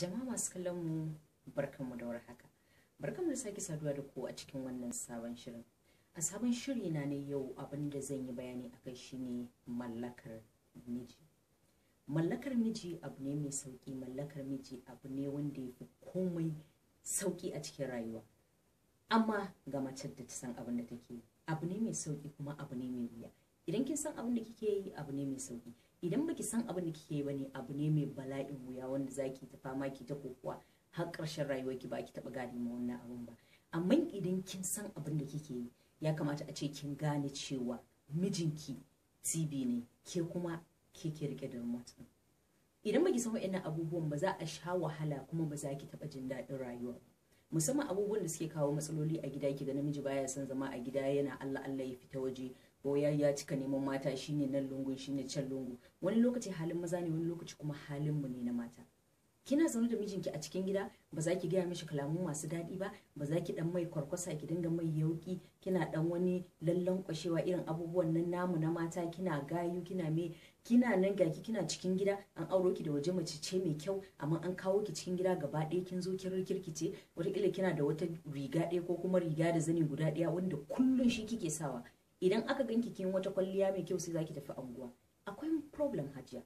Jama'a masu kallon mu barkanmu da warhaka. Barkanmu da sake saduwa da ku a cikin wannan sabon shirin. A sabon shiri na ne yau abin da zan yi bayani akai shine mallakar miji. Mallakar miji abu ne mai sauki, mallakar miji abu ne wanda ya fi komai sauki a cikin rayuwa. Amma ga mace da ta san abin da take yi, abu ne mai sauki kuma abu ne mai wuya. Idan kin san abin da kike yi abu ne mai sauki. idan baki san abin da kike yi bane abu ne mai bala'in wuya wanda zaki ta fama ki ta kokuwa har ƙarshen rayuwarki ba ki taɓa gane ma wannan abin ba amma idan kin san abin da kike yi ya kamata a ce kin gane cewa mijinki tibi ne ke kuma ke ke rike da remote idan baki san wa'annan abubuwan ba za a sha wahala kuma ba za ki taɓa jin daɗin rayuwa ba musamman abubuwan da suke kawo matsaloli a gida ki ga namiji baya son zama a gida yana Allah Allah ya fita waje boya ya cika neman mata shine nan lungu shine can lungu wani lokaci halin maza ne wani lokaci kuma halin mu ne na mata kina zaune da mijinki a cikin gida ba za ki gaya mishi kalamu masu daɗi ba ba za ki dan mai kwarkwasa ki dinga mai yauki kina dan wani lallan kwashewa irin abubuwan nan namu na mata kina gayu kina me kina nan gaki kina cikin gida an auro ki da waje mace ce mai kyau amma an kawo ki cikin gida gaba ɗaya kin zo kin rikirkice wataƙila kina da wata riga ɗaya ko kuma riga da zani guda ɗaya wanda kullum shi kike sawa idan aka ganki kin wata kwalliya mai kyau sai zaki tafi anguwa akwai problem hajiya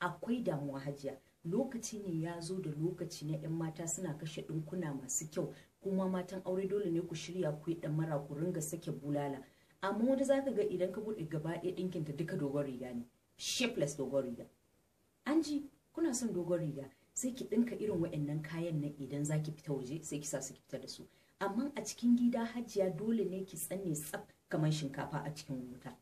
akwai damuwa hajiya lokaci ne ya zo da lokaci na 'yan mata suna kashe ɗinkuna masu kyau kuma matan aure dole ne ku shirya ku yi mara ku ringa sake bulala amma wanda za ka ga idan ka buɗe gaba ɗaya ɗinkin ta duka dogon riga ne shapeless dogon riga an ji kuna son dogon riga sai ki ɗinka irin waɗannan kayan nan idan zaki fita waje sai ki sa su fita da su amma a cikin gida hajiya dole ne ki tsanne tsaf kamar shinkafa a cikin wuta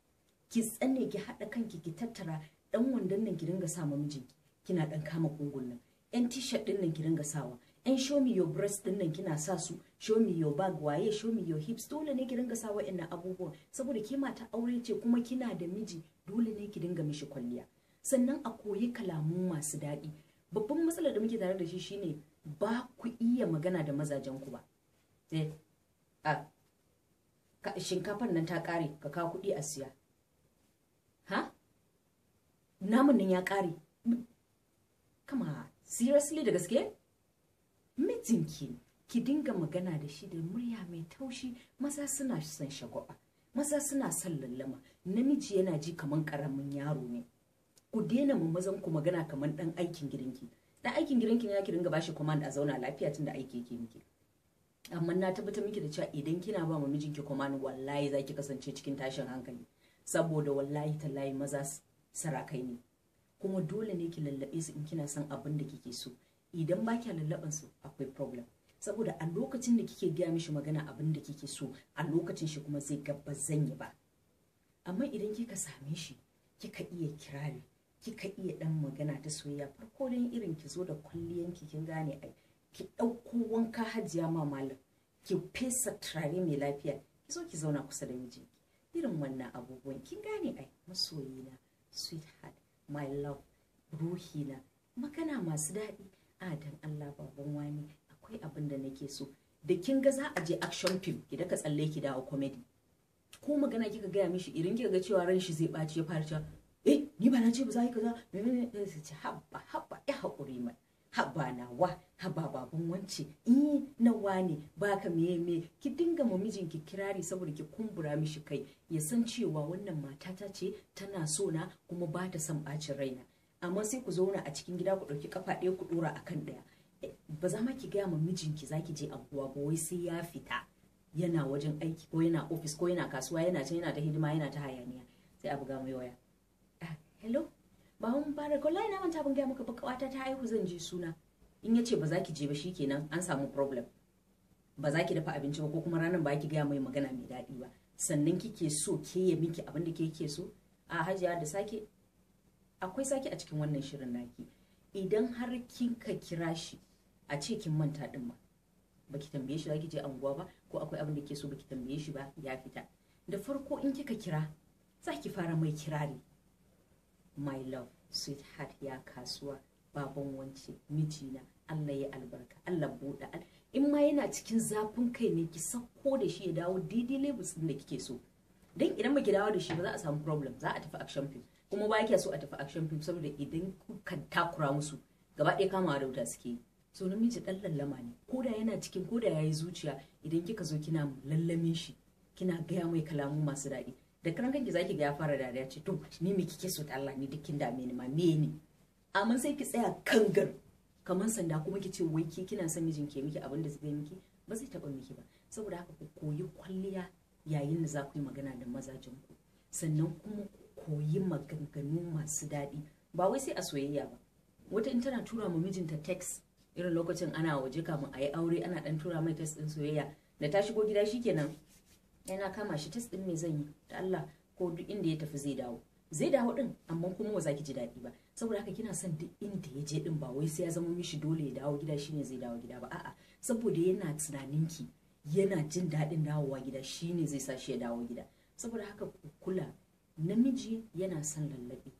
ki tsanne ki haɗa kanki ki tattara ɗan wandon nan ki dinga sa mijinki kina ɗan kama kungun nan yan t-shirt din nan ki dinga sawa yan show me your breast din nan kina sa su show me your bag waye show me your hips dole ne ki dinga sawa ina abubuwan saboda ke mata aure ce kuma kina da miji dole ne ki dinga mishi kwalliya sannan a koyi kalamu masu daɗi babban matsalar da muke tare da shi shine ba ku iya magana da mazajen ku ba eh a shinkafar nan ta kare ka kawo kuɗi a siya ha namun nan ya kare kama seriously da gaske mijinki ki dinga magana da shi da murya mai taushi maza suna son shagwaba maza suna son lallama namiji yana ji kaman karamin yaro ne ku daina mu mazan ku magana kaman dan aikin gidanki dan aikin gidanki ne ya ki dinga bashi command a zauna lafiya tunda aiki yake miki amma na tabbatar miki da cewa idan kina ba ma mijinki command wallahi zaki kasance cikin tashin hankali saboda wallahi tallahi maza sarakai ne kuma dole ne ki lallabe su in kina son abin da kike so idan ba kya lallaban su akwai problem saboda a lokacin da kike gaya mishi magana abin da kike so a lokacin shi kuma zai zan yi ba amma idan kika same shi kika iya kirari kika iya dan magana ta soyayya farko dan irin ki zo da kwalliyan kin gane ai ki dauko wanka hajiya ma malam ki fesa turare mai lafiya ki zo ki zauna kusa da mijinki irin wannan abubuwan kin gane ai masoyina sweetheart my love ruhina magana masu daɗi a dan Allah baban wani akwai abin da nake so da kin ga za a je action film ki daka tsalle ki dawo comedy ko magana kika gaya mishi irin kika ga cewa ran shi zai ɓaci ya fara cewa eh ni ba na ce ba za yi kaza sai ce habba habba ya haƙuri mai haba nawa haba baban wance in eh, nawa ne baka meye me ki dinga ma mijinki kirari saboda ki kumbura mishi kai ya san cewa wannan matata ce tana so na kuma ba ta son bacin raina amma sai ku zauna a cikin gida ku ɗauki kafa ɗaya ku ɗora akan ɗaya eh, ba za ma ki gaya ma mijinki zaki je abuwa ba wai sai ya fita yana wajen aiki ko yana ofis ko yana kasuwa yana can yana ta hidima yana ta hayaniya sai abu ga mai waya ah, hello ba mun fara wallahi na manta ban gaya maka ba ta haihu zan je suna in yace ce ba za ki je ba shikenan an samu problem ba za ki dafa abinci ba ko kuma ranar ba ki gaya mai magana mai daɗi ba sannan kike so ke ya miki abin da ke ke so a hajiya da sake akwai sake a cikin wannan shirin naki idan har kin ka kira shi a ce kin manta din ma baki tambaye shi zaki je unguwa ba ko akwai abin da kike so baki tambaye shi ba ya fita da farko in kika kira saki fara mai kirari my love sweetheart ya kasuwa baban wance mijina Allah ya albarka Allah buɗe in ma yana cikin zafin kai ne ki sako da shi ya dawo daidai labels din da kike so dan idan ba ki dawo da shi ba za a samu problem za a tafi action film kuma ba yake so a tafi action film saboda idan kuka takura musu gaba ɗaya kama da wuta suke yi so namiji dan lallama ne koda yana cikin koda yayi zuciya idan kika zo kina lallamin shi kina gaya mai kalamu masu daɗi da kan kanki zaki ga ya fara dariya ce to ni me kike so da Allah ni dukkin dame ni ma me ne amma sai ki tsaya kangar kamar sanda kuma ki ce wai ki kina son mijin ke miki abinda da zai miki ba zai taba miki ba saboda haka ku koyi kwalliya yayin da za ku yi magana da mazajen ku sannan kuma koyi maganganu masu daɗi ba wai sai a soyayya ba wata in tana tura ma mijinta text irin lokacin ana waje kamun a yi aure ana ɗan tura mai text din soyayya da ta shigo gida shikenan yana kama shi test din ne zan yi da Allah ko duk inda ya tafi zai dawo zai dawo din amma kuma ba za ki ji daɗi ba saboda haka kina son duk inda ya je din ba wai sai ya zama mishi dole ya dawo gida shine zai dawo gida ba a'a saboda yana tunanin ki yana jin dadin dawowa gida shine zai sa shi ya dawo gida saboda haka kula namiji yana son lallabi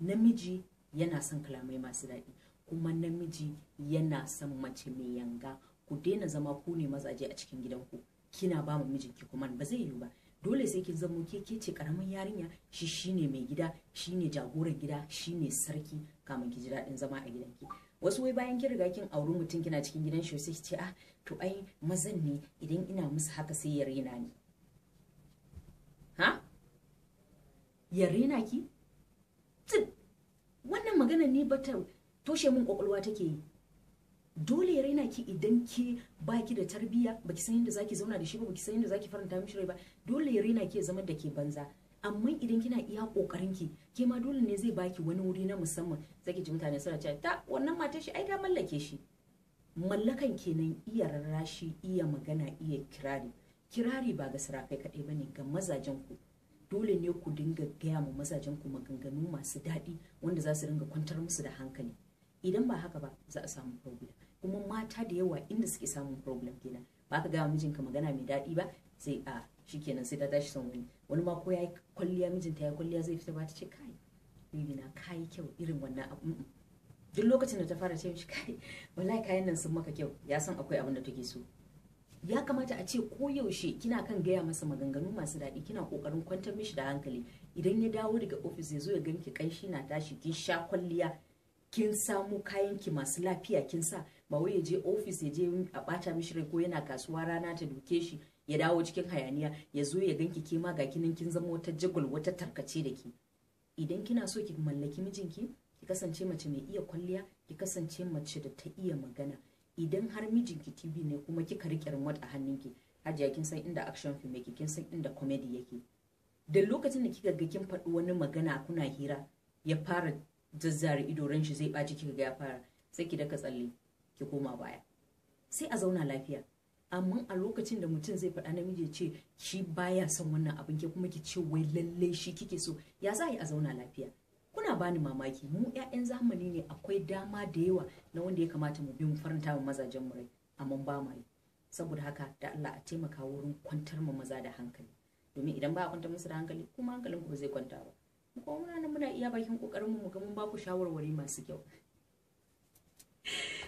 namiji yana son kalamai masu dadi kuma namiji yana son mace mai yanga ku daina zama ku ne mazaje a cikin gidan ku. kina ba mu mijinki kuma ba zai yiwu ba dole sai kin zamo ke ke ce karamin yarinya shi shine mai gida shine jagoran gida shine sarki kamun ki ji daɗin zama a gidanki wasu wai bayan kin riga kin auri mutum kina cikin gidan shi sai ce ah to ai mazan ne idan ina musu haka sai ya rena ni ha ya rena ki wannan magana ne bata toshe min kwakwalwa take yi dole ya raina ki idan ki baki da tarbiyya baki san yadda zaki zauna da shi ba baki san yadda zaki faranta mishi rai ba dole ya raina ki ya zama da ke banza amma idan kina iya kokarin ki ke ma dole ne zai baki wani wuri na musamman zaki ji mutane suna cewa ta wannan matar shi ai ta mallake shi mallakan kenan iya rarrashi iya magana iya kirari kirari ba ga sarakai kaɗai bane ga mazajen ku dole ne ku dinga gaya ma mazajen ku maganganu masu daɗi wanda za su dinga kwantar musu da hankali idan ba haka ba za a samu problem kuma mata da yawa inda suke samun problem kenan ba ka gaya mijinka magana mai daɗi ba sai a shikenan sai ta tashi son wani wani ma ko ya yi kwalliya mijinta ya kwalliya zai fita ba ta ce kai bibi na kayi kyau irin wannan abu duk lokacin da ta fara ce mishi kai wallahi kayan nan sun maka kyau ya san akwai abin da take so ya kamata a ce ko yaushe kina kan gaya masa maganganu masu daɗi kina kokarin kwantar mishi da hankali idan ya dawo daga ofis ya zo ya ganki kanshi na tashi kin sha kwalliya kin samu kayanki masu lafiya kin sa ba wai ya je ofis ya je a bata mishi rai ko yana kasuwa rana ta duke shi ya dawo cikin hayaniya ya zo ya ganki ke ma ga kinin kin zama wata jigul wata tarkace da ki idan kina so ki mallaki mijinki ki kasance mace mai iya kwalliya ki kasance mace da ta iya magana idan har mijinki TV ne kuma kika rike remote a hannunki hajiya kin san inda action film yake kin san inda comedy yake da lokacin da kika ga kin faɗi wani magana kuna hira ya fara zazzare ido ran shi zai baci kika ga ya fara sai ki daka tsalle ki koma baya sai a zauna lafiya amma a lokacin da mutum zai faɗa namiji ya ce shi baya son wannan abin ke kuma ki ce wai lalle shi kike so ya za a zauna lafiya kuna bani mamaki mu 'ya'yan zamani ne akwai dama da yawa na wanda ya kamata mu bi mu faranta wa mazajen mu rai amma ba mu yi saboda haka da Allah a taimaka wurin kwantar mu maza da hankali domin idan ba a kwantar musu da hankali kuma hankalinku ba zai kwanta ba mu kuma muna nan muna iya bakin kokarin mu mu ga mun ba ku shawarwari masu kyau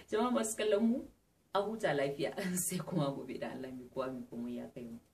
jama'a masu kallon mu a huta lafiya sai kuma gobe da Allah mai kowa mai kuma ya kai mu